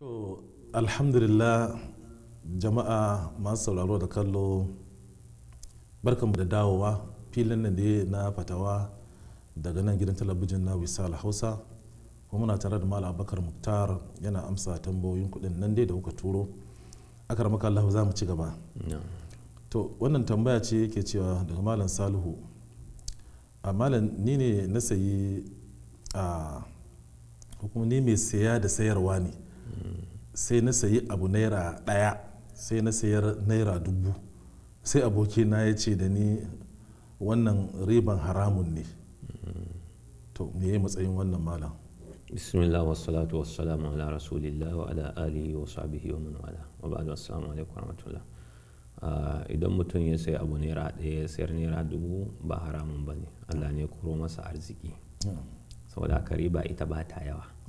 to alhamdulillah jama'a masu sauraro da kallo barkanmu da dawowa filin da na fatawa daga nan gidan talabijin na wisal hausa kuma muna tare da malam abakar muktar yana amsa tambayoyin kuɗin nan dai da kuka turo akar maka Allah za mu ci gaba to wannan tambaya ce yake cewa daga malam salihu a malam ni ne na sayi a mai saya da sayarwa ne sai na sayi abu naira ɗaya sai na sayar naira dubu sai abokina ya ce da ni wannan riban haramun ne to me ya matsayin wannan malam bismillah wa salatu wa salamu ala rasulillah wa ala alihi wa sahbihi wa man wala wa ba'du assalamu alaikum wa rahmatullah ah, idan mutum ya sayi abu naira ɗaya ya sayar naira dubu ba haramun bane Allah ne kuro masa arziki hmm. saboda haka riba ita ba ta yawa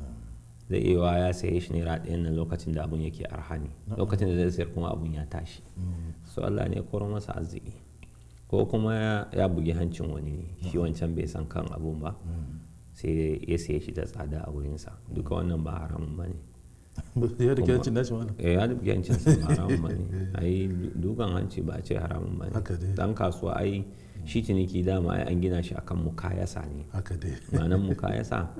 zai iya ya saye shi naira ɗaya nan lokacin da abun yake arha lokacin da zai sayar kuma abun ya tashi so Allah ne koro masa arziki ko kuma ya bugi hancin wani shi wancan bai san kan abun ba sai ya saye shi da tsada a wurinsa duka wannan ba haramun ba ne ya da kyancin nashi wani eh, ya da kyancin sa haramun ba ne ai dukan hanci ba a ce haramun ba ne dan kasuwa ai shi ciniki dama ai an gina shi akan mukayasa ne haka dai ma'anan mukayasa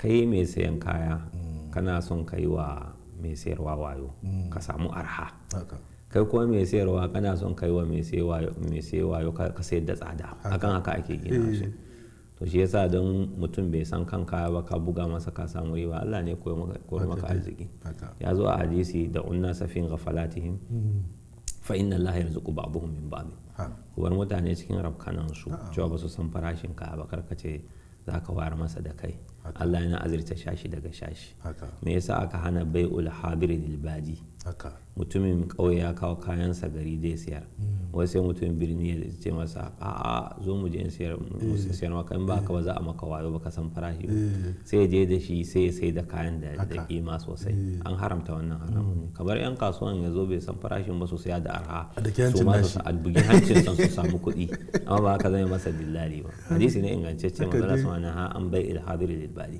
kai mai sayan kaya kana son kai wa mai sayarwa wayo ka samu arha kai kuma mai sayarwa kana son kai wa mai sayarwa wayo ka sayar da tsada akan haka ake gina eh. shi to shi yasa don mutum bai san kan kaya ba ka buga masa ka samu riba Allah ne koyo maka arziki ya zo a hadisi da unna safin ghafalatihim hmm. fa inna Allah yarzuqu ba'dahum min ba'd kubar mutane cikin rabkanan su cewa ba su san farashin kaya ba karkace zaka wayar masa da kai Allah yana azirta shashi daga shashi me yasa aka hana bai habiri dilbadi mutumin ƙauye ya kawo kayansa gari zai siyar hmm. wai sai mutumin birni ya ce masa a'a zo mu je in siyar musu hmm. siyar maka in ba ka ba za a maka wayo baka san farashi hmm. sai je da shi sai ya sai da kayan da da kima sosai an haramta wannan haramun ne kamar yan kasuwan ya zo bai san farashin ba sosai da arha su ma su albugi hancin san su samu kuɗi amma ba haka zai masa dillali ba hadisi ne ingantacce ma na ha an bai ilhabiri bari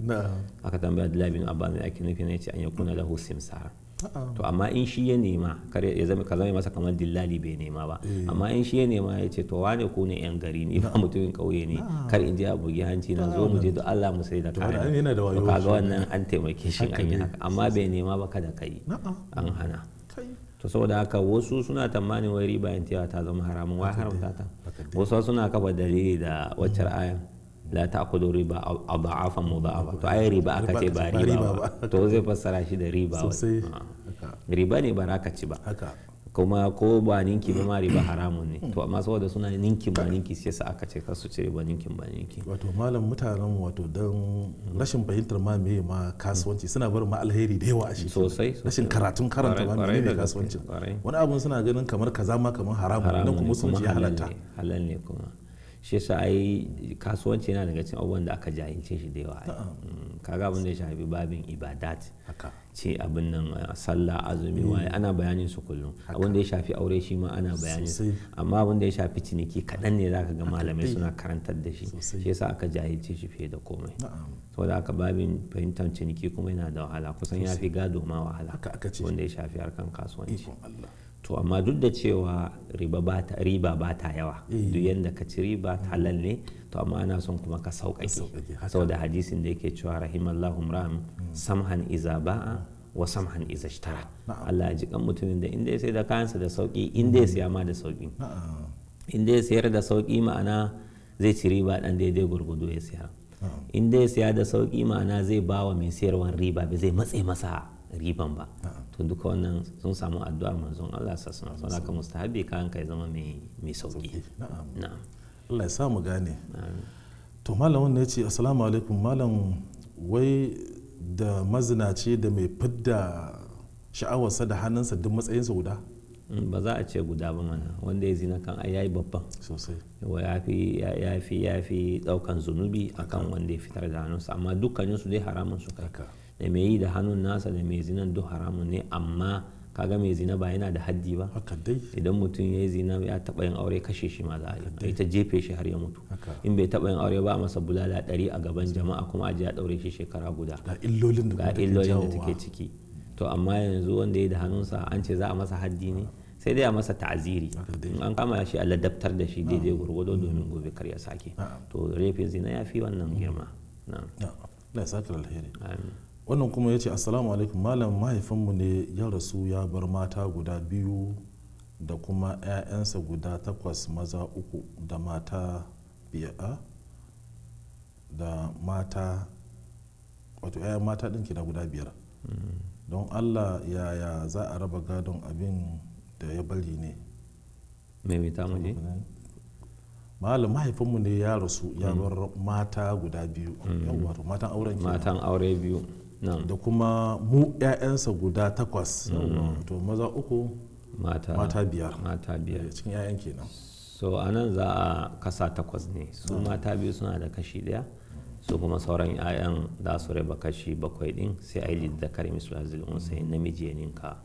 aka tambaya da labin abani ake nufi ce an yakuna lahu simsar uh-uh. to amma in shi ya nema ka zama masa kamar dillali bai nema ba eh. amma in shi ya nema ya ce to wane ku ne yan gari ne ba mutumin kauye ne kar in je a bugi hanci na zo mu je da Allah mu sai da kare to kaga wannan an taimake shi an yi haka amma bai nema ba kada kai an hana to saboda haka wasu suna tamanin wai riba yantewa ta zama haramun wai haramta ta wasu suna kafa dalili da waccar mm. ayan la ta'khudhu riba adhafan ba to ai riba aka ce ba riba ba to zai fassara shi da riba riba ne ba ka ci ba kuma ko ba ninki ba ma riba haramun ne to amma saboda suna ninki ba ninki sai sa aka ce kar su ce riba ninkin ba ninki wato malam mutanen wato don rashin fahimtar ma me ma kasuwanci suna bar ma alheri da yawa a shi sosai rashin karatun karanta ma me ne kasuwanci wani abun suna ganin kamar kaza ma kamar haramun ne kuma sun ji halatta halal ne kuma shi yasa ai kasuwanci yana daga cikin abubuwan da aka jahilce shi da yawa mm, kaga abin da ya shafi babin ibadat ce abin nan uh, sallah azumi waye mm. ana bayanin su kullum abin da ya shafi aure shi ma ana bayanin su amma abin da ya shafi ciniki kaɗan ne zaka ga malamai suna karantar da shi shi yasa aka jahilce shi fiye da komai saboda aka babin fahimtar ciniki kuma yana da wahala kusan ya fi gado ma wahala wanda ya shafi harkan kasuwanci to amma duk da cewa riba ba ta yawa eh. duk yadda ka ci riba halal ne to amma ana son kuma ka sauƙaƙe saboda hadisin da yake cewa rahimallahu ram hmm. samhan iza ba'a wa samhan iza ishtara Allah ya ji kan mutumin da inda ya sai da kayansa da sauƙi inda ya hmm. siya ma da sauƙi inda ya sayar da sauƙi ma'ana zai ci riba dan daidai gurgudu ya siya inda ya siya da sauƙi ma'ana zai ba wa mai sayarwar riba ba zai matse masa riban ba to duka wannan sun samu addu'ar manzon Allah sun alaihi ka mustahabi kayan kai zama mai sauki na'am Allah ya sa mu gane to malam wannan yace assalamu alaikum malam wai da mazinaci da mai fidda sha'awarsa da hannunsa duk matsayinsa guda mm, ba za a ce guda ba mana wanda ya zina kan ai yayi babban sosai ya fi ya fi ya fi daukan zunubi akan wanda ya fitar da hannunsa amma dukkaninsu dai haramun su kai da mai yi da hannun nasa da mai zinan duk haramun ne amma kaga mai zina ba yana da haddi ba idan mutum ya yi zina ya taba yin aure kashe shi ma za a yi ta jefe shi har ya mutu in bai taba yin aure ba masa bulala ɗari a gaban jama'a kuma a ji daure ɗaure shi shekara guda ga illolin da take ciki to amma yanzu wanda ya yi da hannunsa an ce za a masa haddi ne sai dai a masa ta'aziri in an kama shi a ladabtar da shi daidai gurgudo domin gobe kar ya sake to rafin zina ya fi wannan girma na na wannan kuma ya ce assalamu alaikum malam mahaifinmu ne ya rasu ya bar mata guda biyu da kuma 'ya'yansa guda takwas maza uku da mata biyar da mata wato 'ya'yan mata ɗin da guda biyar don allah yaya za a raba gadon abin da ya bari ne malam mahaifinmu ne ya rasu ya mm. bar mata guda biyu mm. matan auren matan aure biyu da kuma mu 'ya'yansa guda takwas mm-hmm. to maza uku mata biyar mata biyar eh, cikin 'ya'yan kenan so a nan za a kasa takwas ne su mm. mata biyu suna da kashi daya su kuma sauran 'ya'yan za su raba kashi bakwai din sai a yi liddakar su azil unsayin mm. namiji ya ninka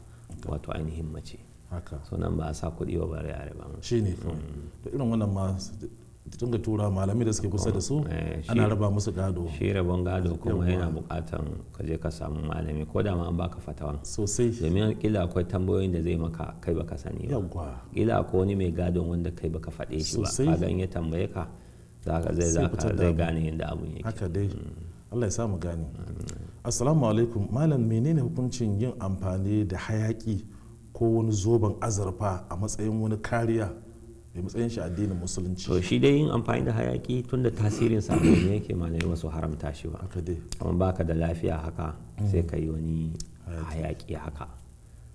wato ainihin mace haka so nan ba a sa kuɗi ba bare a riba shi ne mm. to irin wannan ma dinga tura malami da suke kusa da su eh, ana raba musu gado shi rabon gado kuma yana bukatan ka je ka samu malami ko da ma an baka fatawan sosai domin kila akwai tambayoyin da zai maka kai baka sani ba kila akwai wani mai gado wanda kai baka faɗe shi ba kaga in ya tambaye ka zai zai gane yadda abun yake haka dai mm. Allah ya sa mu gane mm. assalamu alaikum malam menene hukuncin yin amfani da hayaki ko wani zoben azurfa a matsayin wani kariya bai matsayin shi addinin musulunci to shi dai yin amfani da hayaki tun da tasirin sa ne yake malamai wasu haramta shi ba amma baka da lafiya haka sai ka yi wani hayaki haka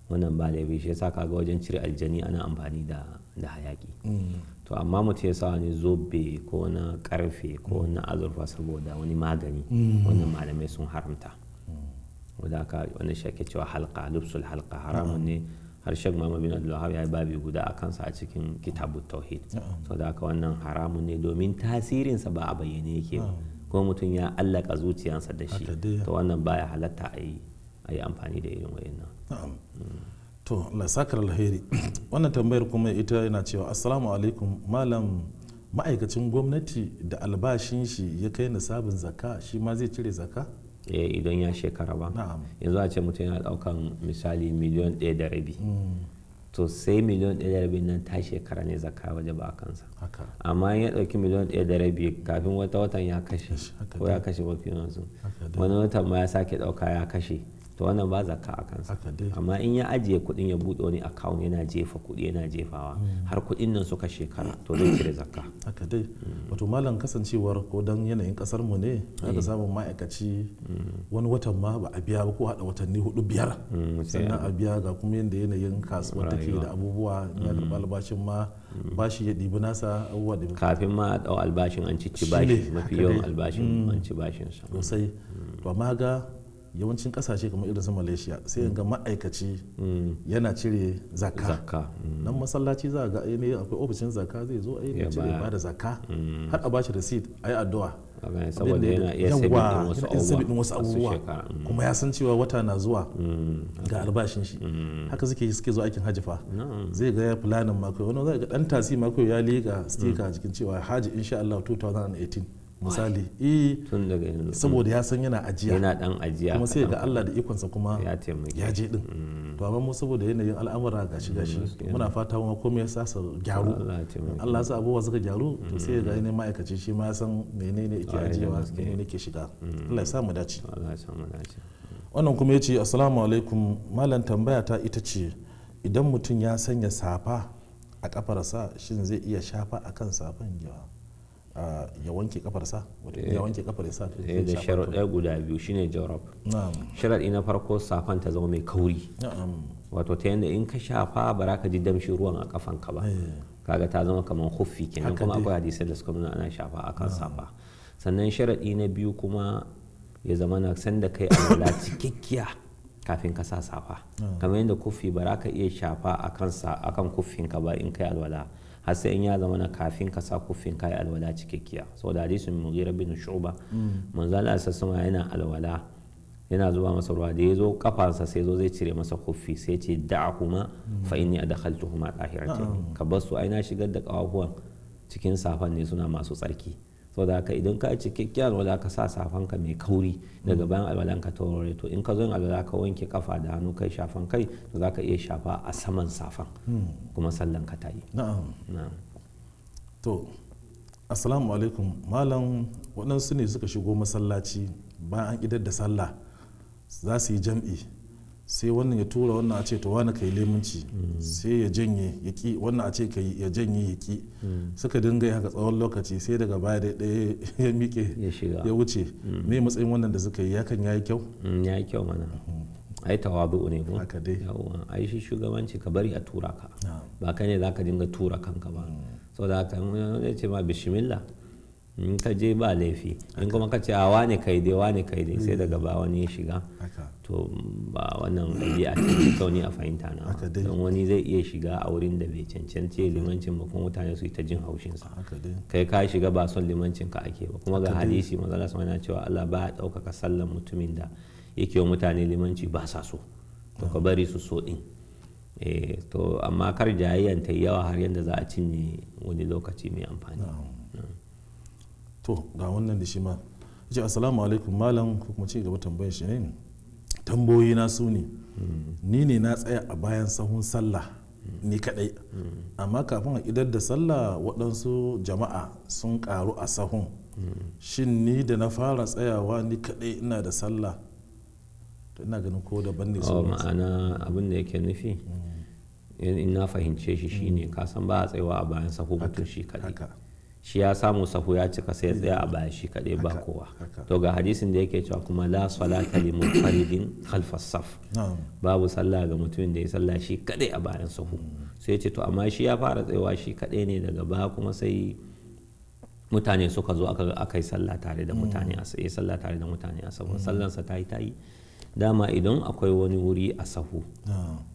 wannan ba laifi shi yasa kaga wajen cire aljani ana amfani da da hayaki mm. to amma mutum ya sa wani zobe ko na karfe ko na mm. azurfa saboda wani magani mm. wannan malamai sun haramta wadaka wani shi ake cewa halka lubsul halka haramun ne harshen shek muhammad bin ya ya babi guda a kansa a cikin kitabu tauhid so da haka wannan haramun ne domin tasirinsa ba a bayyane yake ba ko mutum ya allaka zuciyansa da shi to wannan baya halatta a yi a yi amfani da irin nan mm. to na sakar alheri wannan tambayar kuma ita yana cewa assalamu alaikum malam ma'aikacin gwamnati da albashin shi ya kai nisabin zaka shi ma zai cire zaka Eh, idan ya shekara ba yanzu a ce mutum yana daukan misali miliyan ɗaya da rabi mm. to sai miliyon ɗaya da rabi nan ta shekara ne zaka waje ba a kansa amma ya ɗauki miliyon ɗaya da rabi kafin wata watan ya kashe ko ya kashe mafi yanzu wani watan ma ya sake ɗauka ya kashe to wannan ba zakka a kansa amma in ya ajiye kuɗin ya buɗe wani account yana jefa kuɗi yana jefawa mm. har kuɗin nan suka shekara to zai kire zakka haka dai mm. wato malam kasancewar ko dan yanayin kasar mu ne aka eh. samu ma'aikaci mm. wani watan ma ba a biya ba ko hada watanni hudu biyar sannan a biya ga kuma yanda yanayin kasuwar take da abubuwa na albashin ma bashi ya ɗibi nasa abubuwa da kafin ma a albashin an ci bashi mafi yawan albashin an ci bashin sa sosai to amma ga yawancin kasashe kamar irin su malaysia sai ga ma'aikaci mm. yana cire zaka mm. nan masallaci za ga ainihin akwai ofishin zaka zai zo ne cire ba da zaka mm. har a bashi receipt a yi addu'a saboda yana iya sabidin wasu abubuwa kuma ya san cewa wata na zuwa ga albashin shi haka suke suke zo aikin hajifa zai ga ya planin mako wani zai ga dan tasi mako ya liga sticker cikin cewa haji insha Allah 2018 misali eh saboda ya san yana ajiya yana dan ajiya kuma sai ga Allah da ikonsa kuma ya je din mm. to amma mu saboda yanayin al'amura gashi gashi mm, muna fata kuma komai ya sa su gyaru Allah sa abubuwa suka gyaru to sai ga mm. ne ma'aikaci shi ma ya san menene yake ajiyewa menene yake shiga Allah ya sa mu dace Allah ya sa mu dace wannan kuma yace assalamu alaikum malam tambaya ta ita ce idan mutum ya sanya safa a kafarsa shin zai iya shafa akan safan yawa ya wanke kafarsa ya eh. wanke kafar ya sa eh, da sharaɗa guda biyu shine jarab sharaɗi na farko safan ta zama mai kauri wato ta yadda in ka shafa ba za ka ji damshin ruwan a kafanka ba eh. kaga ta zama kamar huffi kenan kuma akwai hadisai da suka nuna ana shafa a kan safa sannan sharaɗi na biyu kuma ya zama na san sanda kai alwala cikakkiya kafin ka sa safa kamar yadda kuffi ba za ka iya shafa a akan kuffinka ba in kai alwala har sai in ya zama na kafin ka sa kufin kai alwala cikakkiya saboda hadisin mughira bin shu'ba mm. manzo Allah sallallahu yana alwala yana zuwa masa ruwa da ya zo kafansa sai zo zai cire masa kufi sai ce da'ahuma mm. fa inni adkhaltuhuma tahiratin ka bar su aina shigar da kawafuwan cikin safan ne suna masu tsarki saboda haka idan ka ci kyakkyawan wala ka sa safan ka mai kauri daga bayan alwalan ka taurare to in ka zo alwala ka wanke kafa da hannu kai shafan kai to za ka iya shafa a saman safan hmm. kuma sallan ka ta yi to assalamu alaikum malam waɗansu ne suka shigo masallaci bayan an idar da sallah za su yi jam'i sai wannan ya tura wannan a ce to wani kai lemunci sai ya janye ya ki wannan a ce ya janye ya ki suka dinga yi haka tsawon lokaci sai daga baya da ɗaya ya miƙe ya wuce me matsayin wannan da suka yi yakan ya yi kyau mm, ya yi kyau mana ai tawadu ne ko haka dai ai shi shugabanci ka bari a tura ka ba kai ne zaka dinga tura kanka ba mm. saboda haka ya ce ma bishimillah in ka je ba laifi in kuma ka ce a wane kai dai wane kai dai sai daga ba wani ya shiga to ba wannan ɗabi a cikin kauni a fahimta na don wani zai iya shiga a wurin da bai cancanci limancin ba kuma mutane su yi ta jin haushinsa kai ka shiga ba son limancin ka ake ba kuma ga hadisi manzala sama cewa Allah ba ya ɗaukaka sallan mutumin da yake wa mutane limanci ba sa so to ka bari su so ɗin eh, to amma kar jayayyan ta yawa har yadda za a cinye wani lokaci mai amfani to ga wannan da shi ma ce assalamu alaikum malam ko kuma ci gaba tambayar shi ne tambayoyi na su ne ni ne na tsaya a bayan sahun sallah ni kadai amma kafin a idar da sallah waɗansu jama'a sun karu a sahun shin ni da na fara tsayawa ni kadai ina da sallah ina ganin ko daban ne su ma'ana abin da yake nufi mm. in na fahimce shi shine ka san ba a tsayawa a bayan sahu mutum shi kadai shi ya samu sahu ya cika sai tsaya a baya shi kaɗai ba kowa to ga hadisin da yake cewa kuma la salata li munfaridin khalfa saf babu sallah ga mutumin da ya sallah shi kaɗai a bayan sahu sai ce to amma shi ya fara tsayawa shi kaɗai ne daga baya kuma sai mutane suka zo aka kai yi sallah tare da mutane a sai sallah tare da mutane a sahu sallansa tayi tayi dama idan akwai wani wuri a sahu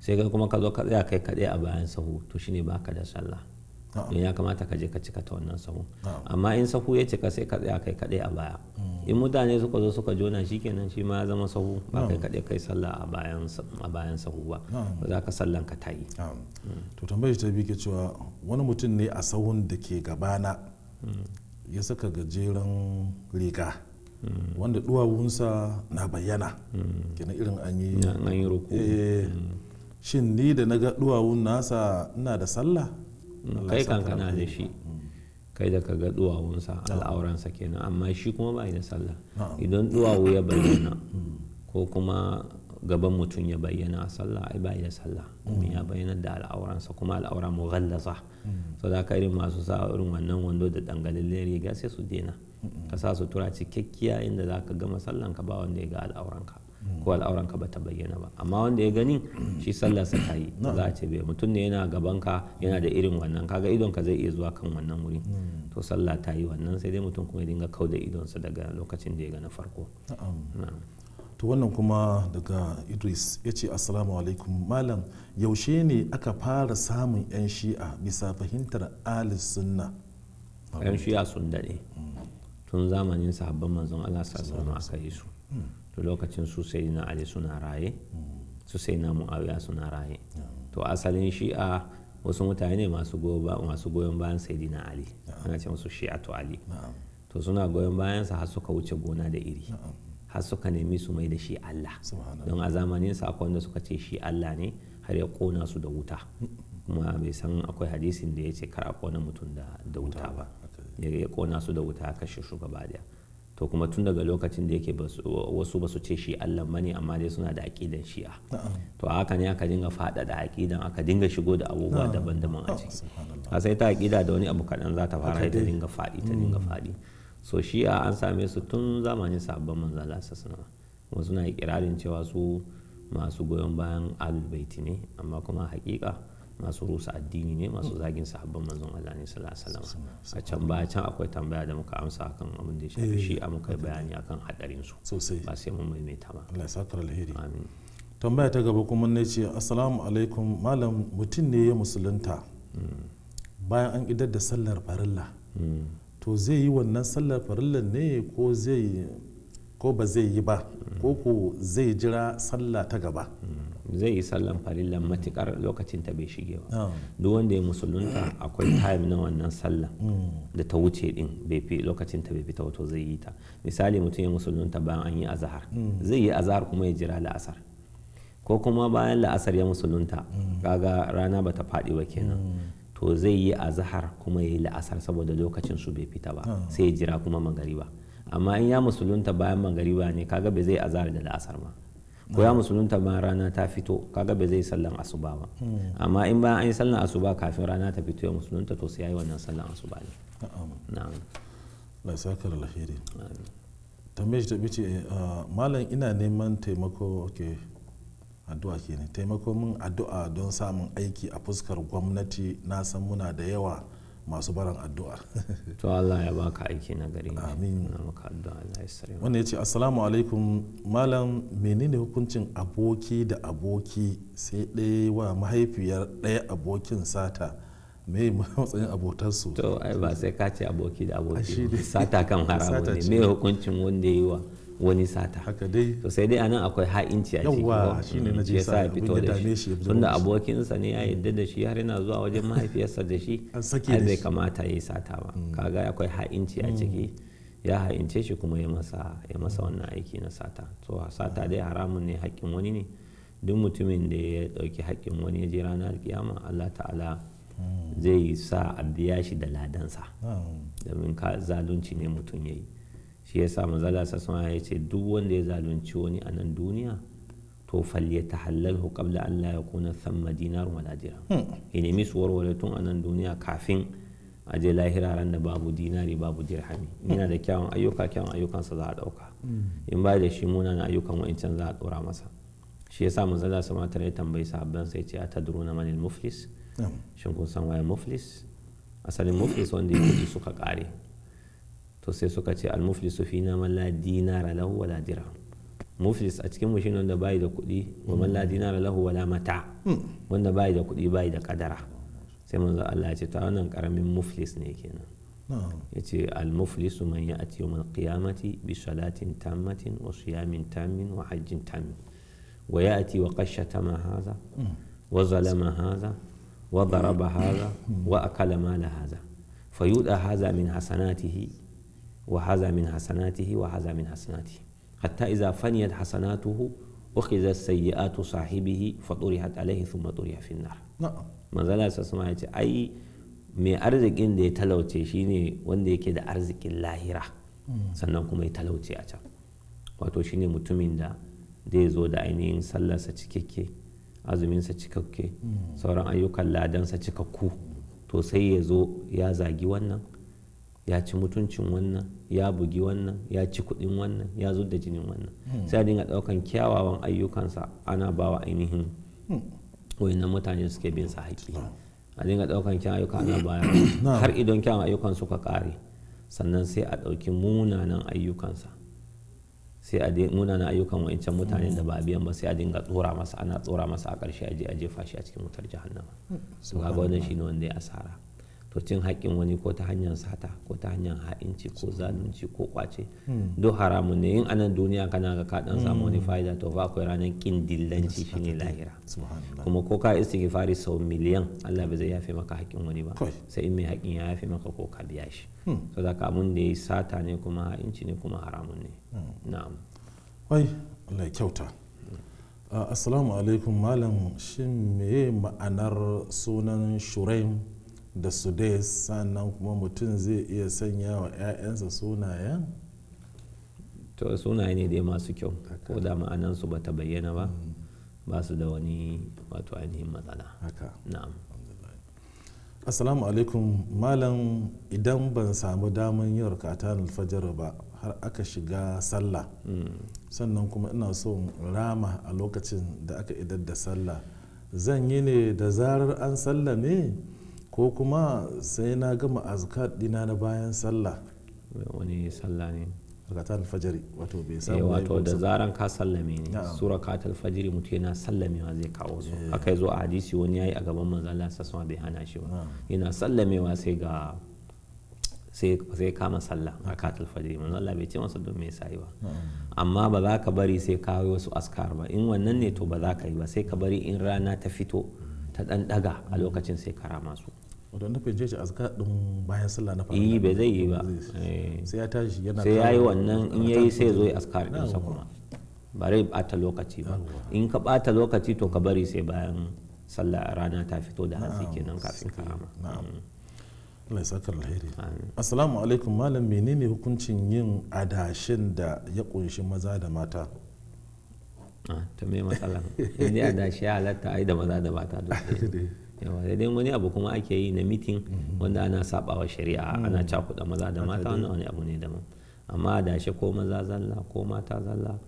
sai kai kuma ka zo ka tsaya kai kaɗai a bayan sahu to shine baka da sallah don ya kamata ka je ka cika ta wannan sahu amma in sahu ya cika sai ka tsaya kai kadai a baya mm. in mutane suka zo suka jona shi kenan shi ma ya zama sahu ba kai kadai kai sallah a bayan a bayan sahu ba ba za ka sallan ka tayi mm. to tambayar ta bi cewa wani mutum ne a sahun da ke gabana mm. ya saka gajeren riga wanda duwawunsa na bayyana kenan irin an yi eh. shin ni da na ga duwawun nasa ina da sallah kai kankana da shi kai da kaga duwawunsa al'auransa kenan amma shi kuma bai da sallah idan duwawu ya bayyana mm. ko kuma gaban mutum ya bayyana a sallah ai bai da sallah mm. domin ya bayyana da al'auransa kuma al'aura mughallasa mm. so da irin masu sa irin wannan wando da dangalalle riga sai su dena ka sa tura cikakkiya inda zaka gama sallan ka ba wanda ya ga al'auranka ko al'auran ka bata bayyana ba amma wanda ya gani shi sallar sa tayi za a ce bai mutum ne yana gaban ka yana da irin wannan kaga idon ka zai iya zuwa kan wannan wuri hmm. to sallah ta yi wannan sai dai mutum kuma ya dinga kauda idon sa daga lokacin da ya ga na farko to wannan kuma daga idris ya ce assalamu alaikum malam yaushe ne aka fara samun 'yan shi'a bisa fahimtar ali sunna 'yan shi'a sun daɗe hmm. tun zamanin sahabban manzon allah sallallahu alaihi aka yi su hmm. to lokacin su sai na ali suna raye mm. su sai na mu'awiya suna raye to asalin shi'a wasu mutane masu goyon bayan saidina ali ana ce Shi'a to ali to suna goyon bayansa har suka wuce gona da iri har suka nemi su mai da shi allah don a zamanin sa akwai wanda suka ce shi allah ne har ya kona su da wuta kuma bai san akwai hadisin da ya ce kar a kona mutum da wuta ba ya kona su da wuta kashe shugaba daya to kuma tun daga lokacin da yake wasu basu ce shi allah bane amma dai suna da aƙidan shi'a to haka ne aka dinga fada faɗaɗa aƙidan aka dinga shigo da abubuwa daban-daban a ciki a sai ta aƙida da wani abu kaɗan za ta fara ta dinga faɗi ta mm. dinga faɗi so shi'a an same su tun zamanin sabon manzala sassanawa kuma suna ikirarin cewa su masu goyon bayan alul ne amma kuma hakika masu rusa addini ne masu zagin sahabban manzon Allah ne sallallahu alaihi a can baya can akwai tambaya da muka amsa akan abin da ya shafi shi a muka eh. bayani akan hadarin su sosai ba sai mun maimaita ba Allah ya alheri amin tambaya ta gaba kuma ne ce assalamu alaikum malam mutum ne ya musulunta hmm. bayan an idar da sallar farilla hmm. to zai yi wannan sallar farillar ne ko zai ko ba zai yi ba ko ko zai jira sallah ta gaba mm. zai yi sallan farillan matukar lokacin ta bai shige ba ah. duk wanda ya musulunta akwai time na wannan sallah mm. da ta wuce din bai fi lokacin ta bai fita wato zai yi ta misali mutum ya musulunta bayan an yi azahar mm. zai yi azahar kuma ya jira la'asar ko kuma bayan la'asar ya musulunta kaga rana bata faɗi ba kenan to zai yi azahar kuma ya yi la'asar saboda lokacin su bai fita ba ah. sai ya jira kuma magariba amma in ya musulunta bayan magariba ne kaga bai zai azhar da la'asar ba ko ya musulunta bayan rana ta fito kaga bai zai sallan asuba ba hmm. amma in bayan an yi sallan asuba kafin rana ta fito ya musulunta to sai yayi wannan sallan asuba ne na'am la sakar alheri tambayar ta bice eh, ah, malam ina neman taimako ke addu'a taimako min addu'a don samun aiki a fuskar gwamnati na san muna da yawa masu baran addu'a to Allah ya baka aiki na gari amin na maka addu'a Allah ya sare wannan yace assalamu alaikum malam menene hukuncin aboki da aboki sai ɗaya wa mahaifiyar ɗaya abokin sata me matsayin abotarsu to ai ba sai ka ce aboki da aboki sata kan haramu ne me hukuncin wanda yi wa wani sata to sai dai anan akwai ha'inci a ciki yasa ya na fito da shi tunda abokinsa ne ya mm. yadda da shi har yana zuwa wajen mahaifiyarsa da shi har bai kamata ya yi sata ba mm. kaga akwai ha'inci a ciki mm. ya ha'ince shi kuma ya masa ya masa wannan aiki na sata to sata dai haramun ne haƙƙin wani ne duk mutumin da ya ɗauki haƙƙin wani ya je ranar kiyama Allah ta'ala zai sa a biya shi da ladansa domin ka zalunci ne mutum ya yi shi yasa manzala sassama ya ce duk wanda ya zalunci wani a nan duniya to falle ta halalhu qabla an la yakuna thamma dinar wala dirham ya nemi su warware tun a nan duniya kafin a je lahira ran da babu dinari babu dirhami yana da kyawun ayyuka kyawun ayyukansa za a dauka in ba da shi muna na ayyukan wa'incan za a dora masa shi yasa manzala sama tare tambayi sahabban sai ce atadruna manil muflis shin kun san waye muflis asalin muflis wanda yake suka kare to sai suka ce almuflisu fina man la dinara lahu wala dirham muflis a cikin mu shine wanda bai da kuɗi wa man la dinara lahu wala mata wanda bai da kuɗi bai da kadara sai manzo Allah ya ce to wannan karamin muflis ne kenan ya ce almuflisu man ya ati yawmal qiyamati bi salatin tammatin wa siyamin tammin wa hajjin tammin wa ya ati wa ma hadha wa zalama hadha وضرب هذا وأكل مال هذا فيؤتى هذا من حسناته وهذا من حسناته وهذا من حسناته حتى إذا فنيت حسناته أخذ سيئات صاحبه فطرحت عليه ثم طرح في النار نعم manzala ya sama ce ai mai arzikin da ya talauce shine wanda yake da arzikin lahira sannan kuma ya talauce a can wato shine mutumin da zai zo da ainihin sallarsa cikakke azuminsa cikakke sauran ayyukan ladansa cikakku to sai ya zo ya zagi wannan ya ci mutuncin wannan ya bugi wannan ya ci kuɗin wannan ya zo da jinin wannan hmm. sai a dinga ɗaukan kyawawan ayyukansa ana bawa ainihin hmm. wayannan mutane suke bin sa haƙi hmm. a dinga ɗaukan kyawawan ayyuka ana baya har idan kyawawan ayyukan suka kare sannan sai a ɗauki munanan ayyukansa sai a munanan ayyukan wa'incan mutanen da ba biyan ba sai a dinga tsora masa ana tsora masa a ƙarshe a je a jefa shi a cikin wutar jahannama su ga wannan shine wanda ya asara to cin haƙƙin wani ko ta hanyar sata ko ta hanyar ha'inci ko hmm. zalunci ko kwace hmm. duk haramun ne in anan duniya kana ga ka dan samu wani hmm. fa'ida to ba akwai ranar kin dillanci shi ne lahira kuma ko ka istighfari sau miliyan Allah ba zai yafe maka haƙƙin wani ba sai in mai haƙƙin ya yafe maka ko ka biya shi to da mun da ya sata ne kuma ha'inci ne kuma haramun ne na'am wai Allah kyauta ah, assalamu alaikum malam shin meye ma'anar sunan shuraim da su dai sannan kuma mutum zai iya sanya wa 'ya'yansa sunayen to sunaye ne dai masu kyau ko da ma'anansu ba ta bayyana ba hmm. ba su da wani wato ainihin matsala haka na'am assalamu alaikum malam idan ban samu daman yin rakatan alfajar ba har aka shiga sallah hmm. sannan kuma ina so rama a lokacin da aka idar da sallah zan yi ne da zarar an sallame ko kuma sai na gama azkar dina na bayan sallah wani sallah ne rakatul fajri wato bai samu eh, wato da zaran ka sallame ne sura katul fajri mutu yana sallamewa zai kawo su yi eh. zo a hadisi wani yayi a gaban manzo Allah sallallahu bai hana shi ba yana sallamewa sai ga sai kama sallah a katul Fajiri manzo Allah bai ce masa don me sai ba amma ba za ka bari sai ka yi wasu askar ba in wannan ne to ba za ka yi ba sai ka bari in rana ta fito ta dan daga a lokacin sai ka rama su wadda na fahimce shi azka din bayan sallah na fara yi eh, ba zai yi ba eh. sai ya tashi yana sai ya yi wannan in ya yi sai zo ya azkar din sa kuma ba rai bata lokaci ba in ka bata lokaci to ka bari sai bayan sallah rana ta fito da hantsi kenan kafin ka rama mm. Allah ya saka assalamu alaikum malam menene hukuncin yin adashin da ya kunshi maza da mata ah, ta me matsala a adashi ya halatta ai da maza da mata duk yawa daidai wani abu kuma ake yi na mitin wanda ana sabawa shari'a ana mm. cakuɗa maza da mata wannan wani abu ne daban amma da shi ko maza zalla ko mata zalla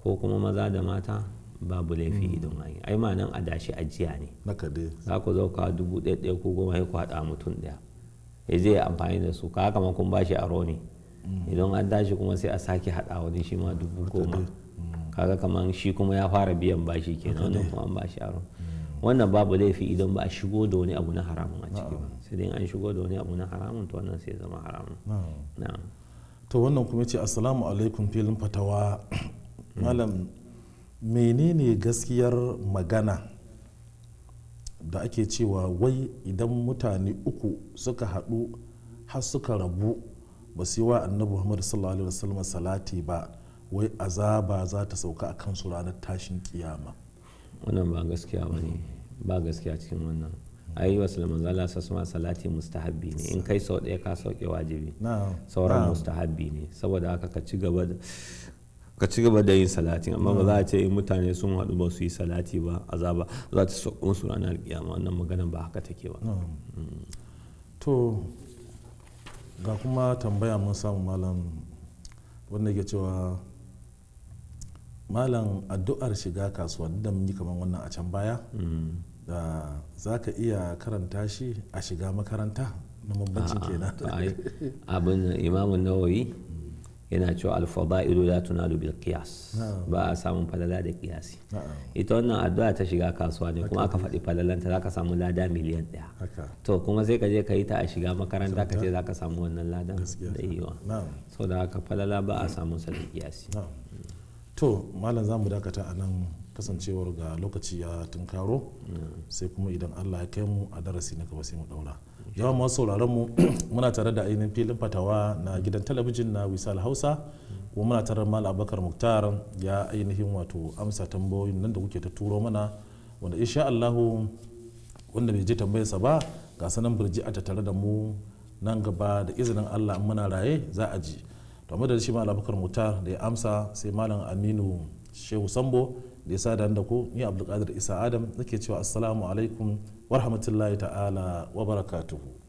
ko kuma maza da mata babu laifi mm. don an ai ma nan adashi ajiya ne za ku zo ka dubu ɗaya ɗaya ko goma ya ku haɗa mutum ɗaya ya zai amfani da su ka kama kun bashi aro ne mm. idan an dashi kuma sai a sake haɗa wani shi ma dubu goma kaga kamar shi kuma ya fara biyan bashi kenan wannan kuma an bashi aro wannan babu laifi idan ba a shigo da wani abu na haramun a ciki ba sai dai an shigo da wani abu na haramun to wannan sai zama haramun to wannan kuma ce assalamu alaikum filin fatawa hmm. malam menene gaskiyar magana da ake cewa wai idan mutane uku suka haɗu har suka rabu ba su yi wa annabi muhammad sallallahu alaihi wasallam salati ba wai azaba za ta sauka a kansu ranar tashin kiyama wannan ba gaskiya ba ne ba gaskiya cikin wannan ayi wasu manzo Allah sallallahu alaihi salati mustahabbi ne in kai sau ɗaya ka sauke wajibi sauran mustahabbi ne saboda haka ka ci gaba da yin salati amma ba za a ce in mutane sun haɗu ba su yi salati ba azaba za ta sauko musu ranar kiyama wannan maganar ba haka take ba mm. to ga kuma tambaya mun samu malam wanda ke cewa malam addu'ar shiga kasuwanni da mun yi kamar wannan a can baya da za ka iya karanta shi a shiga makaranta na mabbacin kenan abin imamun nawawi yana cewa alfada'ilu la tunadu bil kiyas ba a samun falala da kiyasi ita wannan addu'a ta shiga kasuwa ne kuma aka faɗi falalan ta ka samu lada miliyan ɗaya to kuma sai ka je ka yi ta a shiga makaranta ka ce ka samu wannan ladan da yiwa da haka falala ba a samun sa da kiyasi to malam za mu dakata a nan kasancewar ga lokaci ya tunkaro sai kuma idan allah ya kai mu a darasi na gaba sai mu daura yawan masu sauraron mu muna tare da ainihin filin fatawa na gidan talabijin na wisal hausa kuma muna tare mal abakar muktar ya ainihin wato amsa tambayoyin nan da kuke ta turo mana wanda insha allahu wanda bai je tambayarsa ba ga sanan birji a tattare da mu nan gaba da izinin allah muna raye za a ji to da shi malam abubakar mutar da ya amsa sai malam aminu shehu sambo da ya sa da ku ni abdulkadir isa adam nake cewa assalamu alaikum wa rahmatullahi ta'ala wa barakatuhu